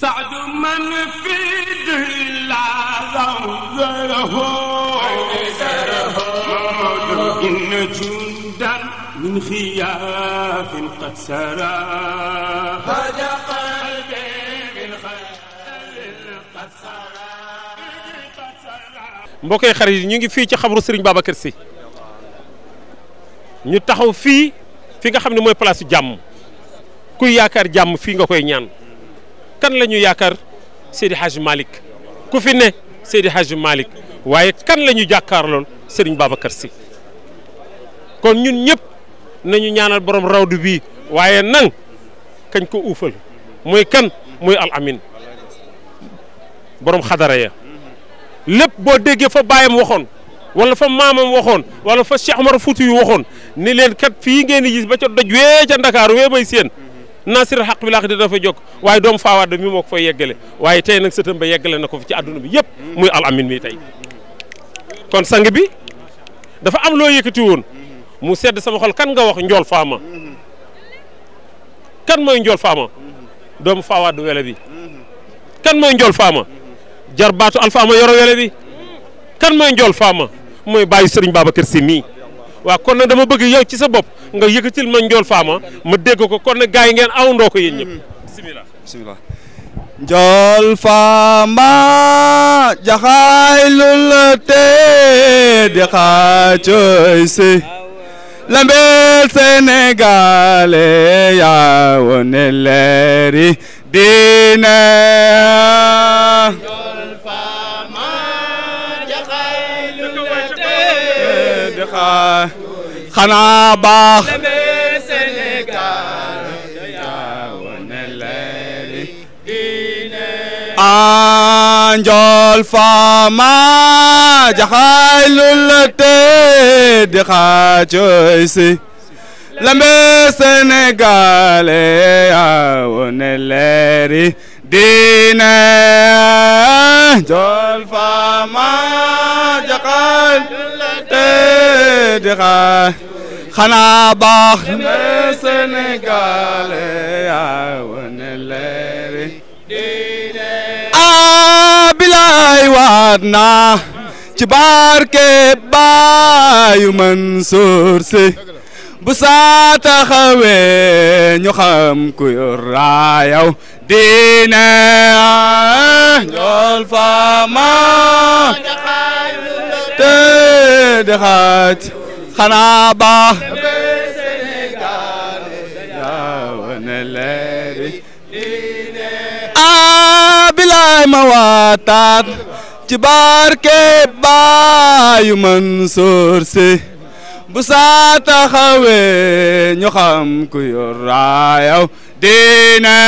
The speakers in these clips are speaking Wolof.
سعد من في دلا زره إن جندا من خياف قد سرى هدى قلبي من خيال قد سرى mbokk xarit yi ñu ngi fii ci xabru Serigne Babacar ñu nga moy place kuy yaakar fi nga koy ñaan kan la ñu yaakaar Seydi Hadj Malick ku fi ne Seydi Hadj Malick waaye kan la ñu jàkkaarlool Serigne Babacar Sy kon ñun ñëpp nañu ñaanal borom rawdu bii waaye nang kañ ko uufal muy kan muy al amin borom xadara lépp boo deggee fa baayam waxoon wala fa maamam waxoon wala fa Cheikh Omar Fouti yu waxoon ni leen kat fii ngeen di gis ba ca doj wee Ndakaaru wee may seen Nasir xaq bi laax dina fa jokk waaye doomu faawaada mi moo ko fa yeggale waaye tey nag sëtam ba yeggale na ko fi ci àdduna bi yëpp muy al amin mi tey kon sang bi dafa am loo yëkkati woon mu sedd sama xol kan nga wax njool faama kan mooy njool faama doomu faawaadu wele mooy njool faama jarbaatu alfaama yoro wele bi kan mooy njool faama mooy bàyyi sëriñ Babacar Si mii waaw kon dama bëgg yow ci sa bopp nga yëkkatil ma Ndiol Fama ma dégg ko kon nag yi ngeen aw ko yéen ñëpp mm-hmm. bisimilah bisimilah jaxaay lu tee di xaacoy si lambeel Sénégalais yaa woon leeri diine xanaa baax anjol fama jaxaylul tëdd xaacoy si lambe senegale yawon leeri diine anjol fama jaxaylul tëdd dixa xanaa baax na Sénégal yaa wane leeri diine a bilaay waat naa ci barke baayu Mansour Si bu saa taxawee ñu xam ku yor raayaw diine a ah, njool de xaaj xanaa baax aa ah, bilaay ma waataat ci barke baayu Mansoor Si bu saa taxawee ñu xam ku yor raayaw diine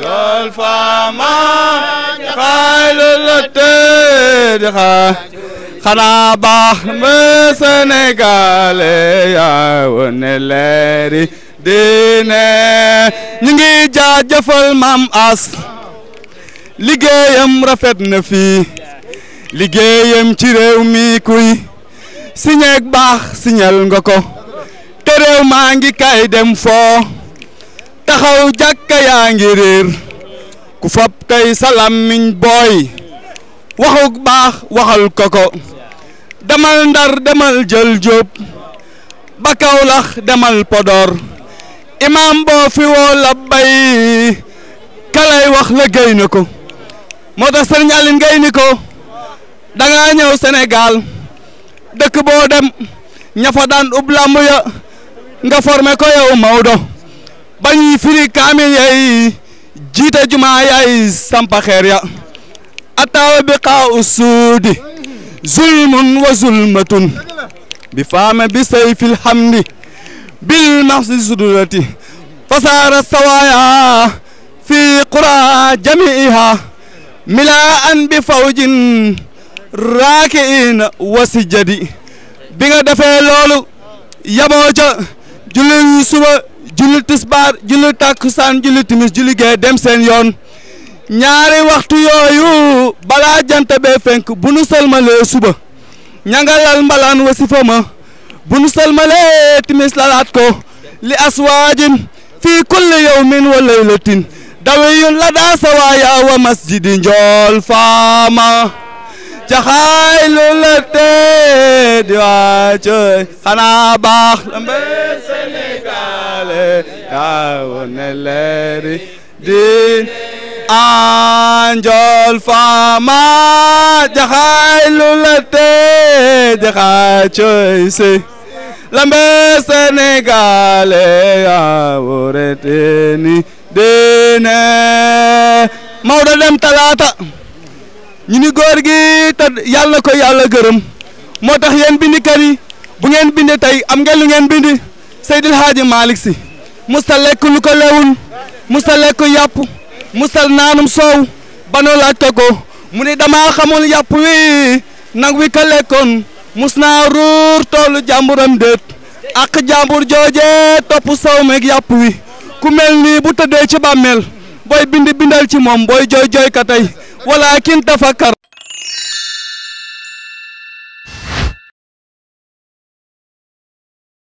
ñool faama xaylul xaa xanaa baax ma Sénégalé yaa woon leeri diine ñu ngi jaajëfal maam as liggéeyam rafet na fii liggéeyam ci réew mi kuy siñeeg baax siñal nga ko te réew maa ngi kay dem foo taxaw jàkka yaa ngi réer ku fab kay salam miñ booy waxu baax waxal koko demal ndar demal jël jóob ba kawlax demal podor imaam boo fi woo la bay wax la géy ko moo ta sëriñ Aline Gueye ni ko danga ñëw Sénégal dëkk boo dem ña fa daan ub ya nga formé ko yow Maodo bañuy firi kaamil yay jiite jumaa yaay sampa xeer ya ataa biqaau suudi zulmun wa zulmatun bi faama bi sayfi lhamdi bil maxsi sudulati fasaara sawaaya fi qura jamiiha mila an bi fawjin raakiina wasi jadi bi nga defee loolu yamoo ca julli suba julli tisbaar julli takkusaan julli timis julli gee dem seen yoon ñaari waxtu yooyu balaa jant bee fenk bu nu sëlmalee suba ñangalal mbalaan wasifa ma bu nu sëlmalee timis lalaat ko li aswaajin fii kulli yawmin wa laylatin dawiyun la daa sawaaya wa masjidi njool faama jaxaay lu la tee di waa cooy xanaa baax lambe Sénégal yaa wone leeri diin Anjol fama jaxaay lu la tee jaxaay coy si lambe Sénégalé yaa wóorete ni diine Maodo dem talaata ñu ni gi te yàlla na ko yàlla gërëm moo tax yéen bindi yi bu ngeen binde tey am ngeen lu ngeen bindi Seydil Hadji Malick Sy musta lekk lu ko lewul musta lekk yàpp musal naanum soow ba noo laaj ko mu ni dama xamul yapp wi nag wi ka lekkoon mus naa ruur toolu jàmburam déet ak jàmbur jooje topp soow meeg yàpp wi ku mel nii bu tëddee ci bàmmeel booy bind bindal ci moom booy jooy jooy ka tey walakin tafakkar